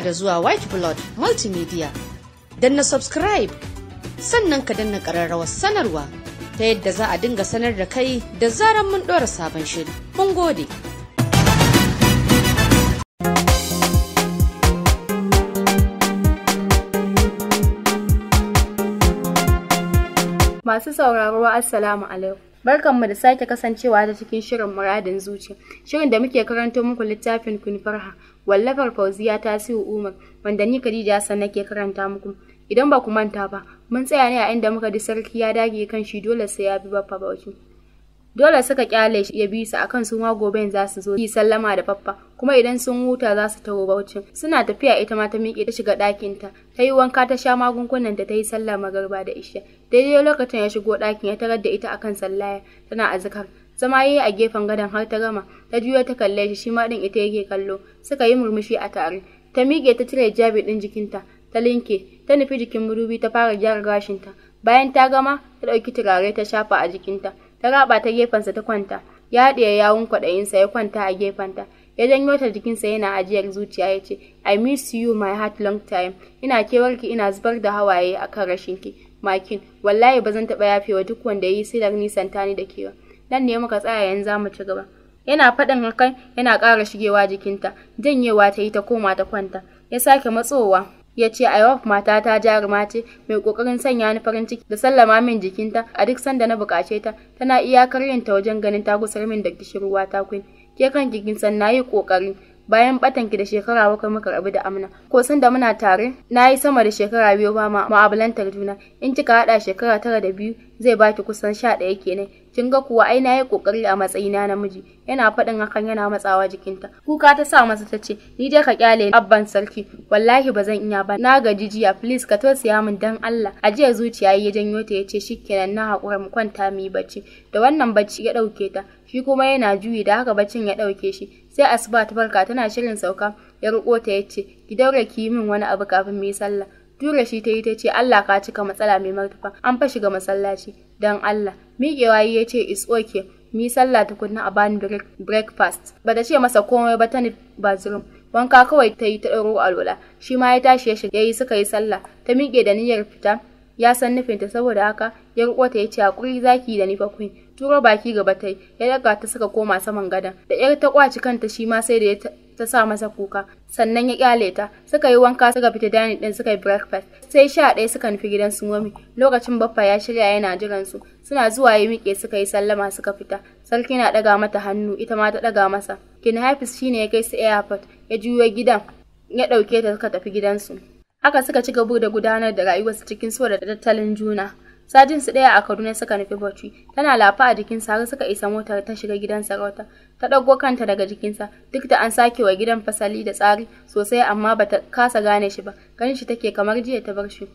da zuwa white blood multimedia na subscribe sannan ka danna ƙararrawar sanarwa ta yadda za a dinga sanar da kai da zarar mun ɗora sabon shiri mun gode masu sauraro assalamu alaikum Barkanmu da sake kasancewa ta cikin shirin muradin zuci. Shirin da muke karanto muku littafin Kun Farha, wallafar Fauziya ta siyo Umar, wanda ni Khadija Hassan nake karanta muku. Idan ba ku manta ba, mun tsaya ne a inda muka ji sarki ya dage kan shi dole sai ya bi baffa bauchi. Dole suka kyale shi ya bi su akan su ma gobe za su zo yi sallama da faffa kuma idan sun huta za su taho baucin. Suna tafiya ita ma ta miƙe ta shiga ɗakinta, ta yi wanka ta sha magungunan da ta yi sallama magarba da isha. daidai lokacin ya shigo ɗakin ya tarar da ita akan sallaya tana azkar zama yayi a gefen gadon har ta gama ta juya ta kalle shi shi ma din ita yake kallo suka yi murmushi a tare ta miƙe ta cire jabi ɗin jikinta ta linke ta nufi jikin murubi ta fara gyara gashinta bayan ta gama ta ɗauki turare ta shafa a jikinta ta raba ta gefensa ta kwanta ya haɗiye yawun kwaɗayinsa ya kwanta a gefenta ya janyo ta jikinsa yana ajiyar zuciya ya ce i miss you my heart long time ina kewarki ina zubar da hawaye akan rashinki makin wallahi ba zan taɓa yafewa duk wanda ya yi silar nisanta ni da kewa nan ne muka tsaya yanzu za mu ci gaba yana faɗin hakan yana ƙara shigewa jikinta janyewa ta yi ta koma ta kwanta ya sake matsowa ya ce IOF mata ta jaruma ce mai ƙoƙarin sanya ni farin ciki da sallama min jikinta a duk sanda na buƙace ta tana iyakar yin ta wajen ganin ta gusar min da kishirwa ta kun ke kan kikin san nayi ƙoƙari bayan batanki da shekara bakwai muka rabu da amna ko san da muna tare na yi sama da shekara biyu ba ma juna in kika haɗa shekara tara da biyu zai baki kusan sha ɗaya kenan kin ga kuwa ai na yi kokari a na namiji yana faɗin hakan yana matsawa jikinta kuka ta sa masa ta ce ni dai ka kyale abban sarki wallahi ba zan iya ba na gaji jiya please ka tausaya min dan Allah a jiya zuciya ya janyo ta yace shikenan na hakura mu kwanta mu yi bacci da wannan bacci ya ɗauke ta shi kuma yana juyi da haka baccin ya ɗauke shi sai asuba ta farka tana shirin sauka ya ruko ta yace ki daure ki min wani abu kafin mu yi sallah Tura shi ta yi ta ce Allah ka cika matsala mai martaba an fa ga masallaci dan Allah. Miƙewa ya ce is okay mi sallah tukunna a bani breakfast. Ba ta ce masa komai ba ta bathroom. Wanka kawai ta yi ta ɗaro alwala. Shi ma ya tashi ya shiga ya yi suka yi sallah. Ta miƙe da niyyar fita ya san nufinta saboda haka ya riko ta za hakuri zaki da ni fa turo baki gaba yi. ya daga ta suka koma saman gadon. da yar ta kwaci kanta shi ma sai da ya ta sa masa kuka sannan ya kyale ta suka yi wanka suka fita dani din suka yi breakfast sai sha ɗaya suka nufi gidan su mami lokacin baffa ya shirya yana jiran su suna zuwa yi miƙe suka yi sallama suka fita sarki na ɗaga mata hannu ita ma ta ɗaga masa kin hafis shine ya kai su airport ya juyo gidan ya ɗauke ta suka tafi gidansu haka suka ci gaba da gudanar da rayuwarsu cikin so da tattalin juna sajin su ɗaya a Kaduna suka nufi bacci. tana lafa a jikin har suka isa motar ta shiga gidan sarauta ta ɗauko kanta daga jikinsa duk da an sake wa gidan fasali da tsari sosai amma bata kasa gane shi ba ganin shi take kamar jiya ta bar shi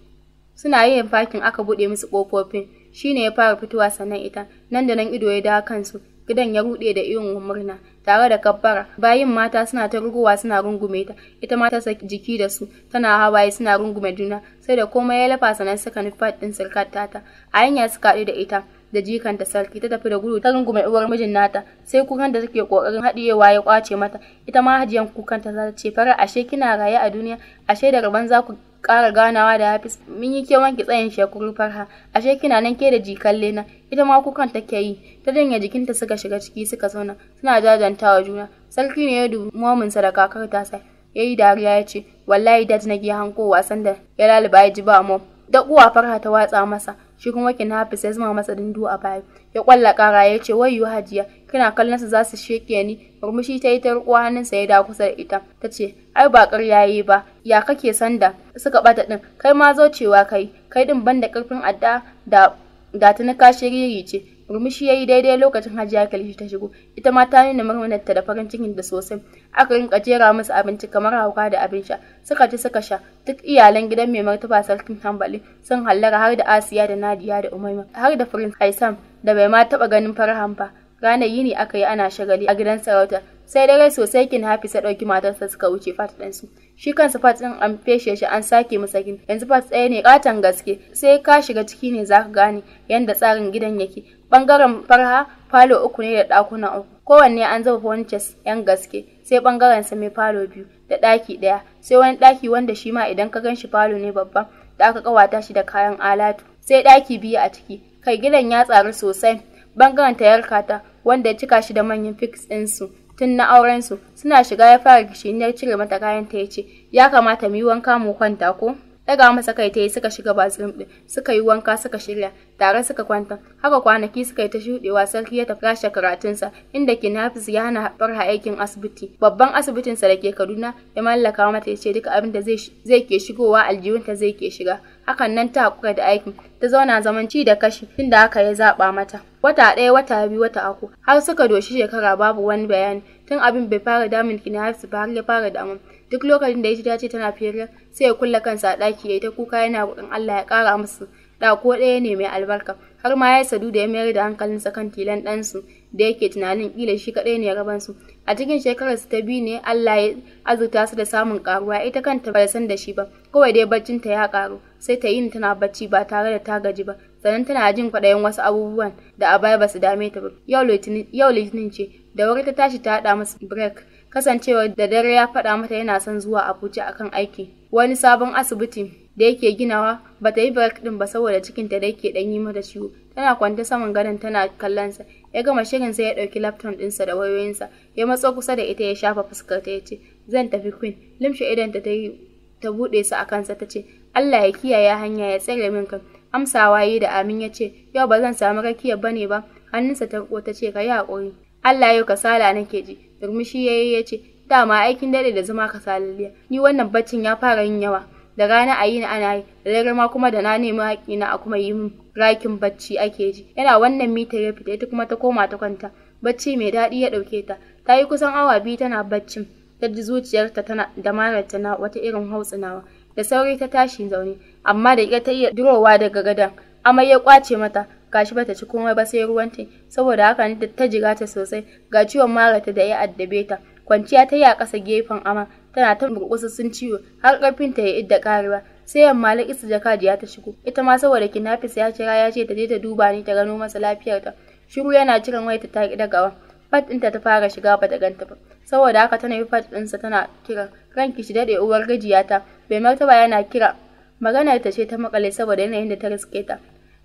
suna yin fakin aka bude musu shi shine ya fara fitowa sannan ita nan da nan ido ya dawo kansu gidan ya rude da irin murna tare da kabbara bayin mata suna ta rugowa suna rungume ta ita ma ta jiki da su tana hawaye suna rungume juna sai da komai ya lafa sanan suka nufa din sirkar tata a hanya suka haɗu da ita da jikanta sarki ta tafi da gudu ta rungume uwar mijin nata sai kukan da take kokarin haɗiyewa ya kwace mata ita ma hajiyan kukan ta za ta ce fara ashe kina raye a duniya ashe da rabon za ku ƙara ganawa da Hafiz mun yi kewan ki tsayin shekuru farha ashe kina nan ke da jikalle na ita ma kukan take yi ta janye jikinta suka shiga ciki suka zauna suna jajantawa juna sarki ne ya dubi sa da kakar tasa ya yi dariya ya ce wallahi dad na hanko wasan da ya laliba ya ji ba mom da uwa farha ta watsa masa shi kuma hafi ya zama masa dindu a baya ya kwalla kara ya ce wai yu hajiya kina kallon su za su sheke ni murmushi ta yi ta riko sa ya da kusa da ita ta ce ai ba ƙarya yi ba ya kake sanda suka bata din kai ma zo cewa kai kai din banda karfin adda da da tuni kashiriri ce murmushi ya yi daidai lokacin hajiya kalishi ta shigo ita ma ta nuna murmunarta da farin cikin da sosai aka rinka jera musu abinci kamar hauka da abin sha suka ci suka sha duk iyalan gidan mai martaba sarkin hambali sun hallara har da asiya da nadiya da umaima har da prince haisam da bai ma taba ganin farhan ba ranar yini aka yi ana shagali a gidan sarauta sai dare sosai kin hafi sa ɗauki matarsa suka wuce fat su. shi kansa fat din an feshe shi an sake masa gini yanzu fat tsaye ne katon gaske sai ka shiga ciki ne zaka gane yanda tsarin gidan yake Bangaren farha falo uku ne da ɗakuna uku. Kowanne an zaba wances 'yan gaske, sai bangaren sa falo biyu da ɗaki ɗaya, sai wani ɗaki wanda shi ma idan ka gan shi falo ne babba da aka kawata shi da kayan alatu. Sai ɗaki biyu a ciki, kai gidan ya tsaru sosai. Bangaren ta yarkata wanda ya cika shi da manyan fix ɗinsu tun na aurensu suna shiga ya fara gishiniyar cire mata kayan ta ya ce ya kamata mu yi wanka mu kwanta ko. daga masa kai ta yi suka shiga bathroom din suka yi wanka suka shirya tare suka kwanta haka kwanaki suka yi ta shudewa sarki ya tafi karatun sa. inda kinafis ya hana farha aikin asibiti babban asibitinsa da ke kaduna ya mallaka mata ya ce duka abin da zai ke shigowa aljihunta zai ke shiga hakan nan ta hakura da aikin ta zauna zaman ci da kashi tunda haka ya zaɓa mata wata ɗaya wata biyu wata uku har suka doshi shekara babu wani bayani tun abin bai fara damun ki na ba har ya fara damun duk lokacin da ya ta ce tana firar sai ya kulle kansa a ɗaki ya ta kuka yana roƙon Allah ya ƙara musu da ko ɗaya ne mai albarka har ma ya sadu da ya mayar da hankalinsa kan tilan ɗansu da yake tunanin ƙila shi kaɗai ne raban su a cikin shekarar su ta biyu ne Allah ya azurta su da samun karuwa ita kanta ba san da shi ba kawai dai baccin ta ya karu sai ta yin tana bacci ba tare da ta gaji ba sannan tana jin kwaɗayin wasu abubuwan da a baya ba su dame ta ba yau litinin ce da wuri ta tashi ta haɗa masa break kasancewar da dare ya faɗa mata yana son zuwa abuja a kan aiki wani sabon asibiti da yake ginawa ba ta yi break ɗin ba saboda cikinta da yake ɗan yi mata ciwo tana kwanta saman gadon tana kallonsa ya gama shirin sai ya ɗauki laptop ɗinsa da wayoyinsa ya matso kusa da ita ya shafa fuskarta ya ce zan tafi queen limshe idan ta yi ta buɗe su a kansa ta ce allah ya kiyaye hanya ya tsere min kan amsawa yi da amin ya ce yau ba zan samu rakiyar ne ba hannunsa ta riko ta ce ka yi haƙuri Allah yau kasala nake ji durmushi ya yi ya ce dama aikin dare da zama salalliya ni wannan baccin ya fara yin yawa da rana a yi na ana yi da dare ma kuma da na nemi haƙina a kuma yi min rakin bacci ake ji yana wannan mitar ya fita ita kuma ta koma ta kwanta bacci mai daɗi ya ɗauke ta ta yi kusan awa biyu tana baccin ta ji zuciyarta tana da mararta na wata irin hautsinawa da sauri ta tashi zaune amma da ita ta iya durowa daga gadon amai ya kwace mata gashi bata ci komai ba sai ruwan te saboda haka ni ta jira ta sosai ga ciwon mara ta da ya addabe ta kwanciya ta yi a ƙasa gefen ama tana ta burkusa sun ciwo har ƙarfin ta ya idda karewa sai yamma lakisa ya ta shigo ita ma saboda kinafis ya kira ya ce ta je ta duba ni ta gano masa lafiyarta shiru yana cikin wayar ta ta ki gawa fat ta fara shiga bata ganta ba saboda haka ta yi fat ɗinsa tana kira ranki shi daɗe uwar gajiyata bai martaba yana kira maganar ta ce ta makale saboda yanayin da ta riske ta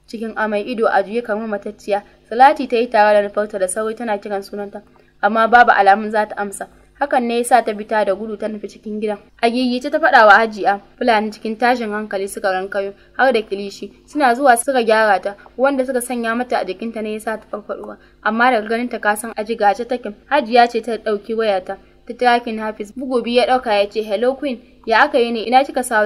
cikin amai ido a juye kamar matacciya salati ta yi tare da nufarta da sauri tana kiran sunanta amma babu alamun za ta amsa hakan ne yasa ta fita da gudu ta nufi cikin gidan a gigice ta faɗa wa hajiya fulani cikin tashin hankali suka rankayo har da kilishi suna zuwa suka gyara ta wanda suka sanya mata a jikinta ne yasa ta farfaɗuwa amma daga ganin ta kasan aji gace take hajiya ce ta ɗauki wayata ta takin hafiz bugu biyu ya ɗauka ya ce hello queen ya aka yi ne ina kika sa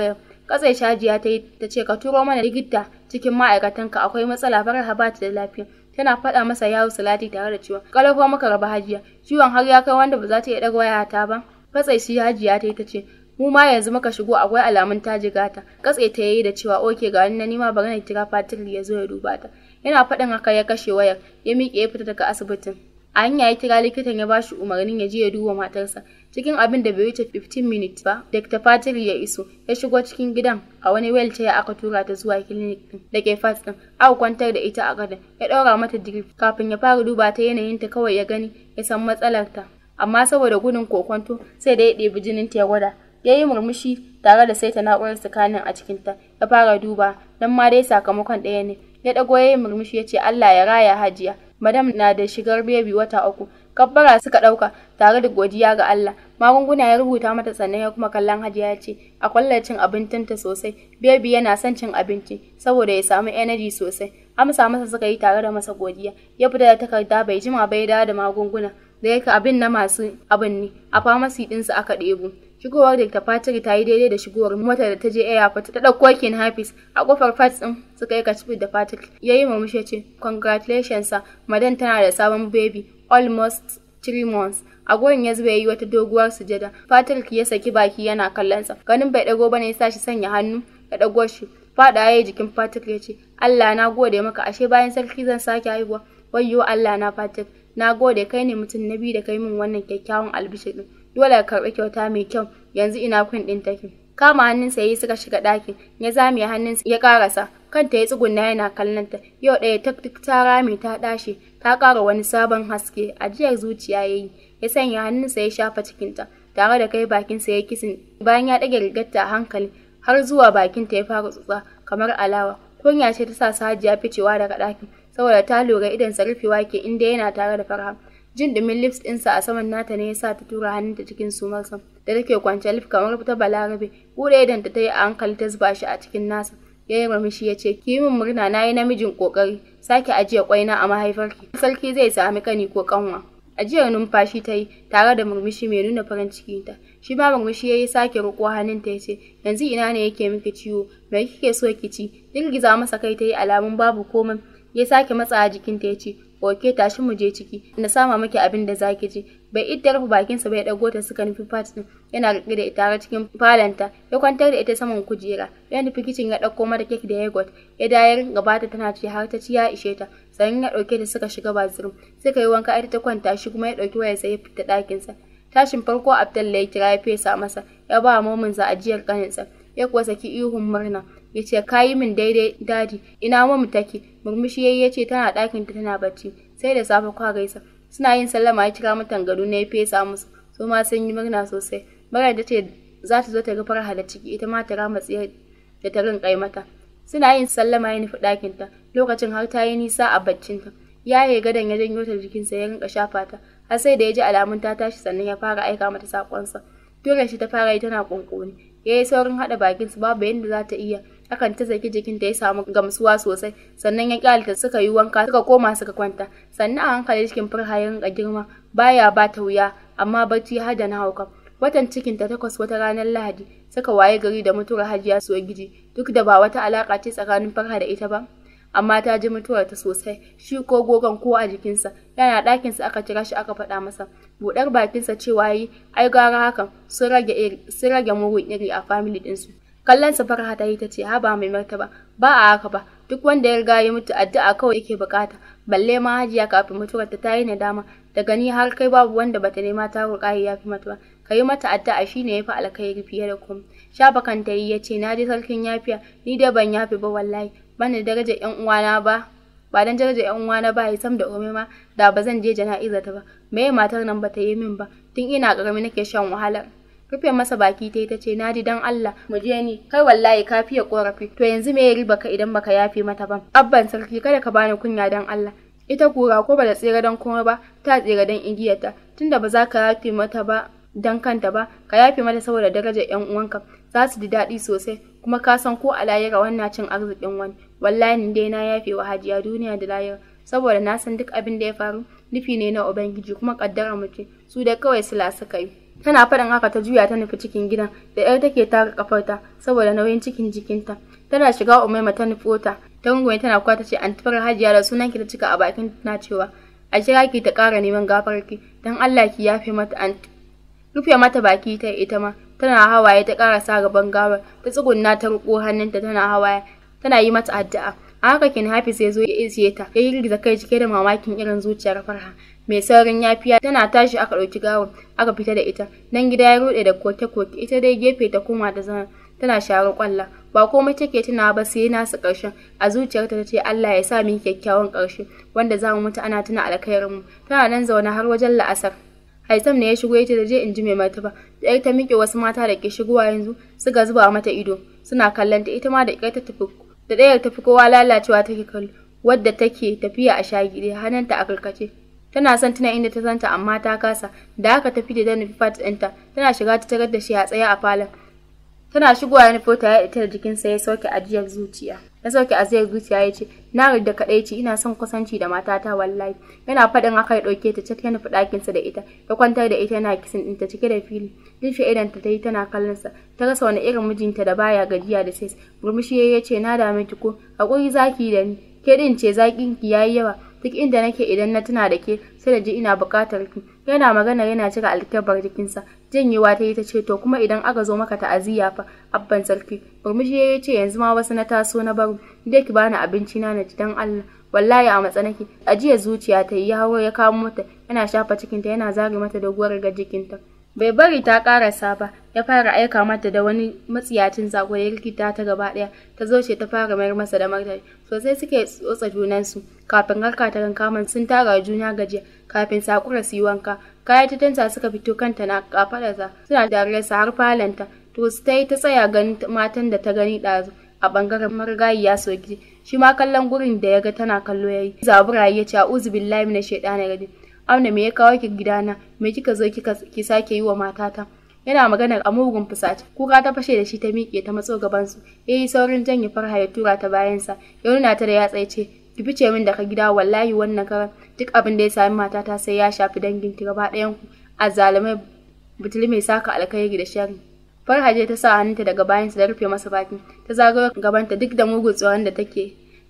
katse shajiya ta ta ce ka turo mana likita cikin ma'aikatanka akwai matsala farar haba ta da lafiya tana faɗa masa yawo salati tare da cewa ƙarfa maka raba hajiya ciwon har ya kai wanda ba za ta iya ɗaga waya ta ba fatsai shi hajiya ta yi ta ce mu ma yanzu muka shigo akwai alamun ta katse ta yayi da cewa oke ga na nima bari na kira fatil ya zo ya duba ta yana faɗin haka ya kashe wayar ya miƙe ya fita daga asibitin a hanya ya kira likitan ya bashi umarnin ya je ya duba matarsa cikin abin da bai wuce 15 minutes ba dr patrick ya iso ya shigo cikin gidan a wani wheelchair aka tura ta zuwa clinic din da ke fast din aka kwantar da ita a gadon ya ɗaura mata drip kafin ya fara duba ta yanayin ta kawai ya gani ya san matsalar ta amma saboda gudun kokonto sai da ya ɗebi jinin ta ya gwada ya yi murmushi tare da saita na'urar tsakanin a cikin ta ya fara duba don ma dai sakamakon ɗaya ne ya ɗago ya yi murmushi ya ce allah ya raya hajiya madam na da shigar bebi wata uku kabbara suka ɗauka tare da godiya ga Allah magunguna ya rubuta mata sannan ya kuma kallon hajiya ya ce a kwallacin cin abincinta sosai bebi yana son cin abinci saboda ya samu energy sosai amsa masa suka yi tare da masa godiya ya fita da takarda bai jima bai da magunguna da yake abin na masu abin ne a famasi ɗinsu aka ɗebo shigowar da Fatiri ta yi daidai da shigowar motar da ta je airport ta dauko kin hafis a kofar Fats din suka yi kacifin da Patrick ya yi murmushi ce congratulations sa madan tana da sabon baby almost three months a gurin ya zuba yi wata doguwar sujada Patrick ya saki baki yana kallonsa ganin bai dago bane ya sashi sanya hannu ya dago shi fada ya jikin Patrick ya ce Allah na gode maka ashe bayan sarki zan sake haihuwa wayyo Allah na Patrick na gode kai ne mutum na biyu da kai min wannan kyakkyawan albishirin. dole ka karɓi kyauta mai kyau yanzu ina kun ɗin take kama hannunsa yayi suka shiga ɗakin ya zame hannunsa ya karasa kanta ya tsugunna yana kallon ta yau ɗaya tak duk ta rame ta ɗashe ta ƙara wani sabon haske ajiyar zuciya yayi ya sanya hannunsa ya shafa cikinta tare da kai bakinsa ya kisin bayan ya dage rigarta a hankali har zuwa bakinta ya fara tsutsa kamar alawa kunya ce ta sa Sajiya ficewa daga ɗakin saboda ta lura idan sa rufewa ke inda yana tare da farha jin dumin lips ɗinsa a saman nata ne ya sa ta tura hannunta cikin sumarsa da take kwance lips kamar ta balarabe bude idan ta yi a hankali ta zuba shi a cikin nasa ya yi murmushi ya ce ki yi min murna na yi namijin kokari sake ajiye kwaina a mahaifarki sarki zai sami kani ko kanwa ajiyar numfashi ta yi tare da murmushi mai nuna farin ciki ta shi ma murmushi ya yi sake roƙo hannunta ya ce yanzu ina ne yake miki ciwo me kike so ki ci girgiza masa kai ta yi alamun babu komai ya sake matsa a jikinta ya ce oke tashi mu je ciki na sama maki abin da zaki ji bai idda rufe bakinsa bai dago ta suka nufi fat din yana rike da ita cikin falanta ya kwantar da ita saman kujera ya nufi kicin ya dauko mata kek da yogurt ya dayar gabata tana ci har ta ci ya ishe ta sannan ya dauke ta suka shiga bathroom suka yi wanka ita ta kwanta shi kuma ya dauki waya sai ya fita dakin sa tashin farko Abdalla ya kira ya fesa masa ya ba momin za ajiyar sa ya kuwa saki ihun murna ya ce ka yi min daidai dadi ina mamu take murmushi yayi ya ce tana ɗakin ta tana bacci sai da safe kwa gaisa suna yin sallama ya kira mutan gado na ya fesa musu su ma sun yi murna sosai mara ta ce za ta zo ta ga farha da ciki ita ma ta rama tsaye da ta rin kai mata suna yin sallama ya nufi ɗakin ta lokacin har ta yi nisa a baccinta ya yi gadon ya janyo ta jikin sa ya rinka shafa ta har sai da ya ji alamun ta tashi sannan ya fara aika mata saƙonsa dole shi ta fara yi tana kunkuni ya yi saurin haɗa su babu yadda za ta iya akan ta zaki jikin ta ya samu gamsuwa sosai sannan ya kyalita suka yi wanka suka koma suka kwanta sannan a hankali cikin farha yin girma baya ba ta wuya amma bacci har da na hauka watan cikin ta takwas wata ranar lahadi suka waye gari da mutuwar hajiya su gidi duk da ba wata alaka ce tsakanin farha da ita ba amma ta ji mutuwar ta sosai shi ko gogon ko a jikinsa yana ɗakinsa aka kira shi aka faɗa masa buɗar bakinsa cewa yi ai gara haka sun rage mugun iri a famili ɗinsu kallon sa farha ta yi ta ce haba mai martaba ba a haka ba duk wanda ya riga ya mutu addu'a kawai yake bukata balle ma hajiya kafin mutuwar ta tayi nadama daga ni har kai babu wanda bata nema ta roƙa ya fi mata ba ka yi mata addu'a shine yafi alkhairi fiye da komai shafa kan ta yi ya ce na ji sarkin yafiya ni dai ban yafi ba wallahi bana daraja yan uwana ba ba dan yan uwana ba ya sam da ome ma da ba zan je jana'iza ta ba me matar nan bata yi min ba tun ina karami nake shan wahalar rufe masa baki ta ta ce na ji dan Allah mu je ni kai wallahi ka fiye korafi to yanzu me ya riba ka idan baka yafe mata ba abban sarki kada ka bani kunya dan Allah ita kura ko ba da tsira dan kuma ba ta tsere dan igiyarta tunda ba za ka yafe mata ba dan kanta ba ka yafe mata saboda darajar yan uwanka za su ji daɗi sosai kuma ka san ko a layira wannan cin arzikin wani wallahi ni dai na yafe wa hajiya duniya da layira saboda na san duk abin da ya faru nufi ne na ubangiji kuma kaddara mu su da kawai sila suka yi tana faɗin haka ta juya ta nufi cikin gidan da yar take taka kafarta saboda nauyin cikin jikinta tana shiga umaima ta nufi wata ta gungume tana kuwa ta ce an tafar hajiya da sunan ki ta cika a bakin na cewa a jira ki ta ƙara neman gafarki don allah ki yafe mata an rufe mata baki ta ita ma tana hawaye ta ƙara sa gaban gawar ta tsugunna ta riƙo hannunta tana hawaye tana yi mata addu'a a haka kin hafiz ya zo ya ishe ta ya girgiza kai cike da mamakin irin zuciyar farha mai saurin yafiya tana tashi aka ɗauki gawar aka fita da ita nan gida ya ruɗe da koke-koke ita dai gefe ta koma da zan tana sharar kwalla ba komai take tuna ba sai nasu ƙarshen a zuciyarta ta ce Allah ya sa mu kyakkyawan ƙarshe wanda za mu mutu ana tuna mu tana nan zaune har wajen la'asar Haisam ne ya shigo ya ce da je in ji mai martaba da ta miƙe wasu mata da ke shigowa yanzu suka zuba mata ido suna kallanta ita ma da ita ta tafi da ɗayar tafi kowa lalacewa take kallo wadda take tafiya a shagide hannunta a karkace tana son tuna inda ta santa amma ta kasa da haka tafi da danufi fat ɗinta tana shiga ta tagar da shi a tsaye a falon tana shigowa ya fota ya ita da jikinsa ya sauke ajiyar zuciya ya sauke a zai zuciya ya ce na da kadaici ina son kusanci da matata wallahi yana faɗin aka ya ɗauke ta cikin nufi ɗakinsa da ita ya kwantar da ita yana kisan ɗinta cike da fili shi idan ta ta yi tana kallonsa ta rasa wani irin mijinta da baya gajiya da sai murmushi ya ce na dami ki ko hakuri zaki da ni ke ɗin ce zakin ki yayi yawa duk inda nake idan na tuna da ke sai da ji ina buƙatar ki yana magana yana cika alkabar jikinsa janyewa ta yi ta ce to kuma idan aka zo maka ta'aziyya fa abban sarki burmushi ya ce yanzu ma wasu na taso na baro dai ki bani abinci na na dan Allah wallahi a matsa nake ajiyar zuciya ta yi ya hawo ya kawo mata yana shafa cikinta yana zare mata da guwar ga jikinta bai bari ta karasa ba ya fara aika mata da wani matsiyacin zagoye rikita ta gaba daya ta zo ce ta fara mayar masa da martani sosai suke tsotsa junansu kafin harka ta kankaman sun tara juna gajiya kafin sakura su yi wanka kaya ta suka fito kanta na kafadarsa suna dariyarsa har falanta to ta yi ta tsaya ganin matan da ta gani ɗazu a bangaren marigayi ya soki shi ma kallon gurin da ya ga tana kallo ya yi zabura ya ce uzu billahi minash shaitani rajim auna me ya kawo ki gidana me kika zo kika ki sake yi wa matata yana maganar a mugun fusace kuka ta fashe da shi ta miƙe ta matso gabansu ya yi saurin janye farha ya tura ta bayansa ya nuna ta da yatsa ya ce ki fice min daga gida wallahi wannan kara duk abin da ya sami matata sai ya shafi dangin ki gaba ɗayan ku azzalumai butul mai saka alkhairi da shari farhaje ta sa hannunta daga bayan da rufe masa baki ta zagayo gabanta duk da mugun tsoron da take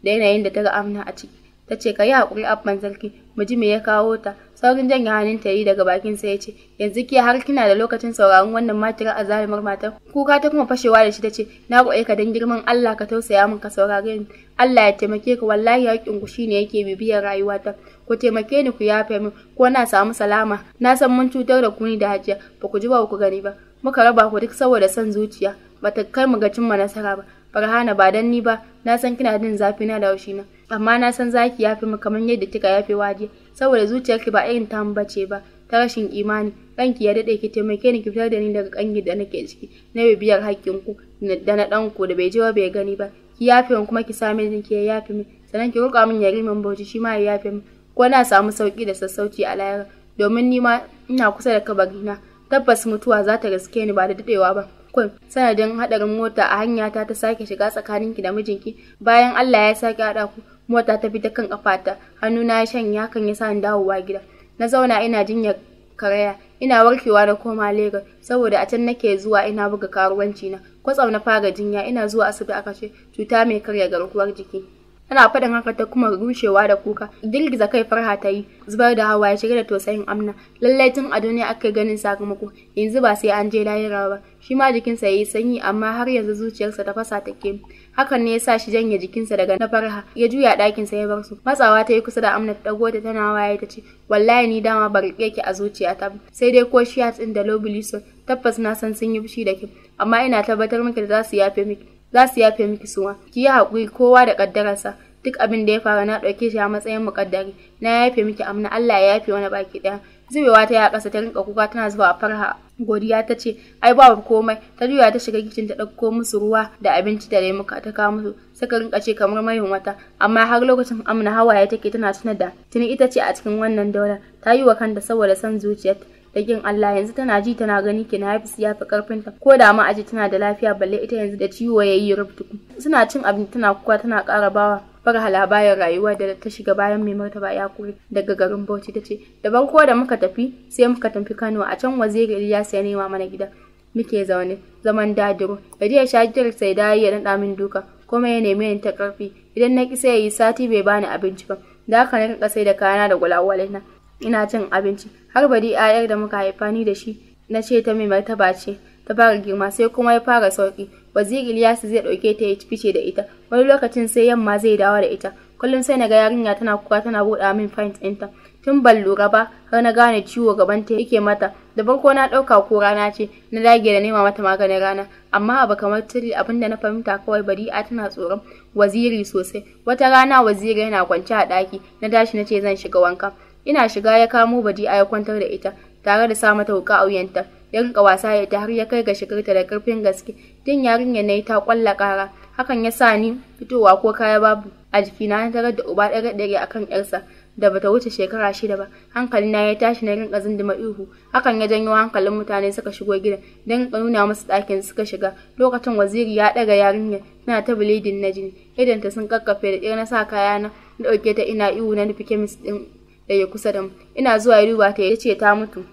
da yanayin da ta ga amna a ciki ta ce ka yi haƙuri abban sarki mu ji me ya kawo ta saurin janye hannun ta yi daga bakin sa ya ce yanzu ke har kina da lokacin sauraron wannan a zalimar matar kuka ta kuma fashewa da shi ta ce na roƙe ka don girman Allah ka tausaya min ka saurare ni Allah ya taimake ka wallahi haƙƙin ku shine yake bibiyar rayuwa ta. ku taimake ni ku yafe min ko na samu salama na san mun cutar da ku ni da hajiya ba ku ji ba ku gani ba muka raba ku duk saboda son zuciya Ba ta kai mu ga cimma nasara ba hana ba dan ni ba, na san kina jin zafi na da haushi na. Amma na san zaki yafi mu kamar yadda kika yafe waje, saboda zuciyarki ba irin ta bace ba, ta rashin imani. Ranki ya dade ki taimake ni ki fitar da ni daga kangi da nake ciki, na bibiyar ku da na dan ku da bai je bai gani ba. Ki yafe kuma ki same ni ki yafe min. Sannan ki roƙa min yari mun bauchi shi ma ya yafe mu Ko na samu sauki da sassauci a layar domin ni ma ina kusa da kabarina. Tabbas mutuwa za ta gaske ni ba da dadewa ba. kwal sanadin hadarin mota a hanya ta ta sake shiga tsakaninki da mijinki bayan Allah ya sake hada ku mota ta bi ta kan kafata hannuna ya shanya hakan ya sa ni dawowa gida na zauna ina jinya karaya ina warkewa da koma Lagos saboda a can nake zuwa ina buga karuwanci na kwatsam na fara jinya ina zuwa asibiti aka ce cuta mai karya garkuwar jiki tana faɗin haka ta kuma rushewa da kuka girgiza kai farha ta yi zubar da hawa ya shiga da tausayin amna lallai tun a duniya aka ganin sakamako yanzu ba sai an je layira ba shi ma jikinsa ya yi sanyi amma har yanzu zuciyarsa ta fasa take hakan ne ya sa shi janye jikinsa daga na farha ya juya ɗakinsa ya bar su matsawa ta yi kusa da amna ta ta tana waye ta ce wallahi ni dama ba riƙe ki a zuciyata sai dai ko shi ɗin da lobuliso tabbas na san sun yi fushi da kyau. amma ina tabbatar miki da za su yafe miki za su yafe miki suma ki yi haƙuri kowa da ƙaddararsa duk abin da ya faru na ɗauke shi a matsayin muƙaddari na yafe miki amna Allah ya yafe wani baki ɗaya zubewa ta ya ƙasa ta rinka kuka tana zuwa farha godiya ta ce ai babu komai ta juya ta shiga kicin ta ɗauko musu ruwa da abinci da lemuka ta kawo musu suka rinka ce kamar mai wata amma har lokacin amna hawaye take tana tuna da tuni ita ce a cikin wannan daular ta yi wa kanta saboda son zuciyarta da kin Allah yanzu tana ji tana gani ki Nafis ya fi karfin ta ko da ma aji tana da lafiya balle ita yanzu da ciwo yayi rubutu suna cin abin tana kuka tana kara bawa fara labarin rayuwa da ta shiga bayan mai martaba ya kuri daga garin Bauchi ta ce da farko da muka tafi sai muka tafi Kano a can waziri Ilyas ya nema mana gida muke zaune zaman dadiro da jiya shagirar sai da ya nada min duka kuma ya neme ni ta karfi idan na kisa sai yi sati bai bani abinci ba da haka na rinka sai da kayana da gulawalina ina cin abinci har bari 'ya'yar da muka haifa ni da shi na ce ta mai martaba ce ta fara girma sai kuma ya fara sauki waziri Ilyas zai dauke ta ya fice da ita wani lokacin sai yamma zai dawo da ita kullum sai naga yarinya tana kuka tana buɗa min pint ɗinta tun ban lura ba har na gane ciwo gaban ta yake mata da farko na ɗauka ko rana ce na dage da nema mata maganin rana amma abu kamar tiri abinda na fahimta kawai a tana tsoron waziri sosai wata rana waziri yana kwance a ɗaki na tashi na ce zan shiga wanka Ina shiga ya kamo a ya kwantar da ita tare da sa mata wuka a wuyanta. Ya rinka wasa da ita har ya kai ga shigarta da karfin gaske. Tun yarinyar na yi ta kwalla kara. Hakan ya sa ni fitowa ko kaya babu a jikina na tarar da uba ɗaya ɗaya akan yarsa da bata wuce shekara shida ba hankali na ya tashi na rinka zinduma ihu hakan ya janyo hankalin mutane suka shigo gida don rinka nuna musu ɗakin suka shiga lokacin waziri ya ɗaga yarinya tana ta bilidin na jini idanta sun kakkafe da ƙir na sa kaya na ɗauke ta ina ihu na nufi kemis ɗin da ya kusa da mu ina zuwa duba ta yace ta mutu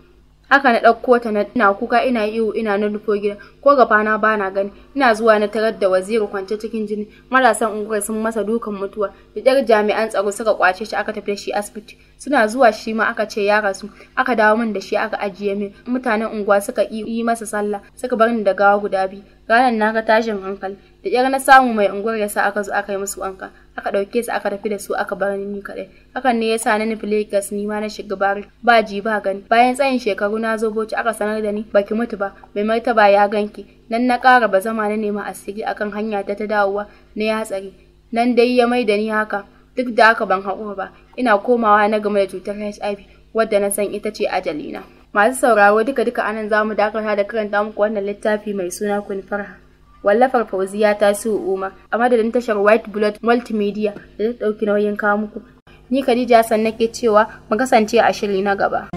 haka na ɗauko ta na ina kuka ina ihu ina na rufo gida ko gaba na bana gani ina zuwa na tarar da waziri kwance cikin jini marasan unguwar sun masa dukan mutuwa da ɗyar jami'an tsaro suka kwace shi aka tafi da shi asibiti suna zuwa shi ma aka ce ya rasu aka dawo min da shi aka ajiye min mutanen unguwa suka yi masa sallah suka bar ni da gawa guda biyu ranar na ga tashin hankali da ƙyar na samu mai unguwar yasa aka zo aka yi musu wanka aka ɗauke su aka tafi da su aka bar ni kaɗai hakan ne yasa na nufi Lagos ni ma na shiga bari ba ji ba gani bayan tsayin shekaru na zo boci aka sanar da ni baki mutu ba mai martaba ya ganki nan na ƙara ba zama na nema a asiri akan hanya ta ta dawowa na ya hatsari nan dai ya mai da ni haka duk da haka ban haƙura ba ina komawa na game da cutar HIV wadda na san ita ce ajalina. Masu sauraro duka-duka anan zamu dakata da karanta muku wannan littafi mai suna kun farha. wallafar fauziya ta su umar a madadin tashar white blood multimedia da ta ɗauki nauyin kamuku ni khadija san nake cewa mu kasance a shiri na gaba.